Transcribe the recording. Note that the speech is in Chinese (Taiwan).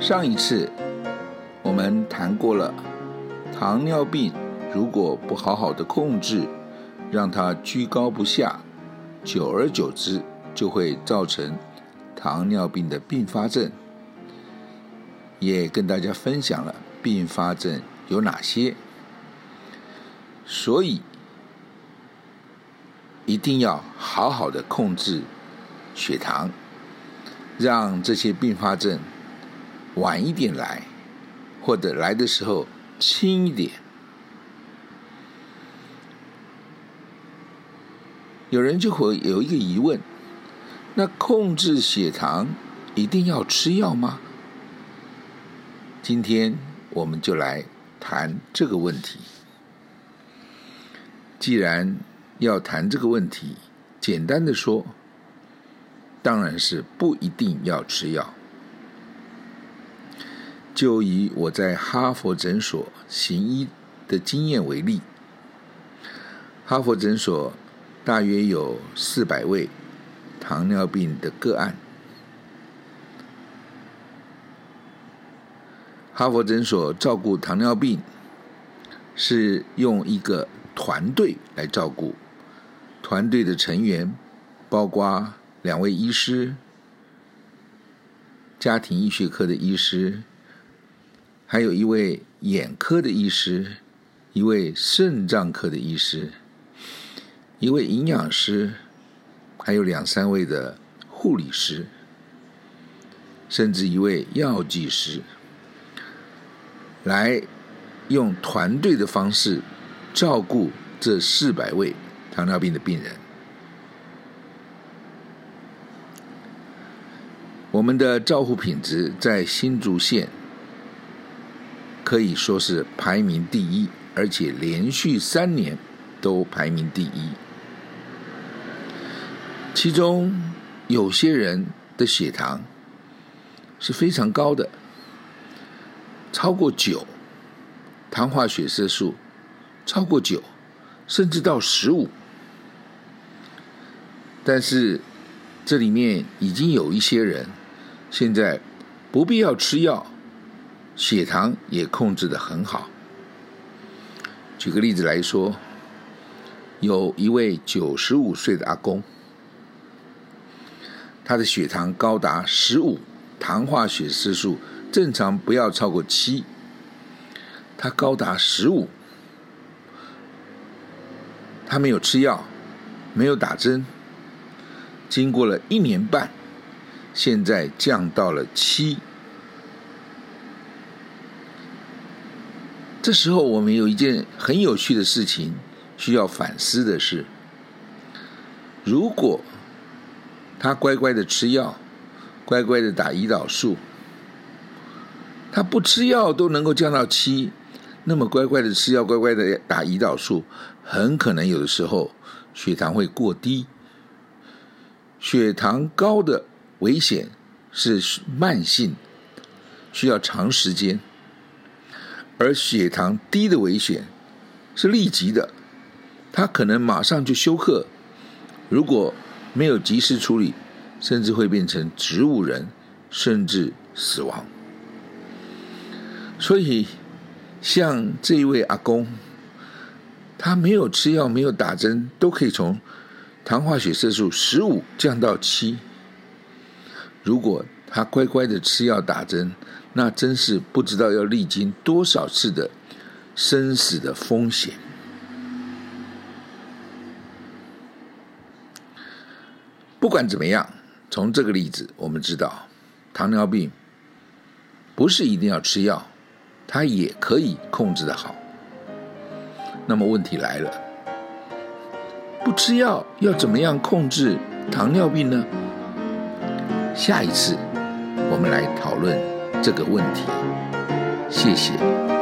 上一次我們談過了，糖尿病如果不好好的控制，讓它居高不下，久而久之就會造成糖尿病的併發症。也跟大家分享了併發症有哪些，所以一定要好好的控制血糖，讓這些併發症。晚一點來，或者來的時候輕一點。有人就會有一個疑問，那控制血糖一定要吃藥嗎？今天我們就來談這個問題。既然要談這個問題，簡單的說，當然是不一定要吃藥。就以我在哈佛診所行醫的經驗為例，哈佛診所大約有四百位糖尿病的個案。哈佛診所照顧糖尿病是用一個團隊來照顧，團隊的成員包括兩位醫師、家庭醫學科的醫師。還有一位眼科的醫師，一位腎臟科的醫師，一位營養師，還有兩三位的護理師，甚至一位藥劑師，來用團隊的方式照顧這四百位糖尿病的病人。我們的照護品質在新竹縣。可以說是排名第一，而且連續三年都排名第一。其中有些人的血糖是非常高的，超過九，糖化血色素超過九，甚至到十五。但是這裡面已經有一些人現在不必要吃藥。血糖也控制得很好。舉個例子來說，有一位九十五歲的阿公，他的血糖高達十五，糖化血色素正常不要超過七，他高達十五，他沒有吃藥，沒有打針，經過了一年半，現在降到了七。這時候，我們有一件很有趣的事情需要反思的是：如果他乖乖的吃藥，乖乖的打胰島素，他不吃藥都能夠降到七，那麼乖乖的吃藥、乖乖的打胰島素，很可能有的時候血糖會過低，血糖高的危險是慢性，需要長時間。而血糖低的危險是立即的，他可能馬上就休克，如果沒有及時處理，甚至會變成植物人，甚至死亡。所以，像這一位阿公，他沒有吃藥、沒有打針，都可以從糖化血色素十五降到七。如果他乖乖的吃藥打針，那真是不知道要歷經多少次的生死的風險。不管怎麼樣，從這個例子我們知道，糖尿病不是一定要吃藥，它也可以控制得好。那麼問題來了，不吃藥要怎麼樣控制糖尿病呢？下一次我們來討論。這個問題，謝謝。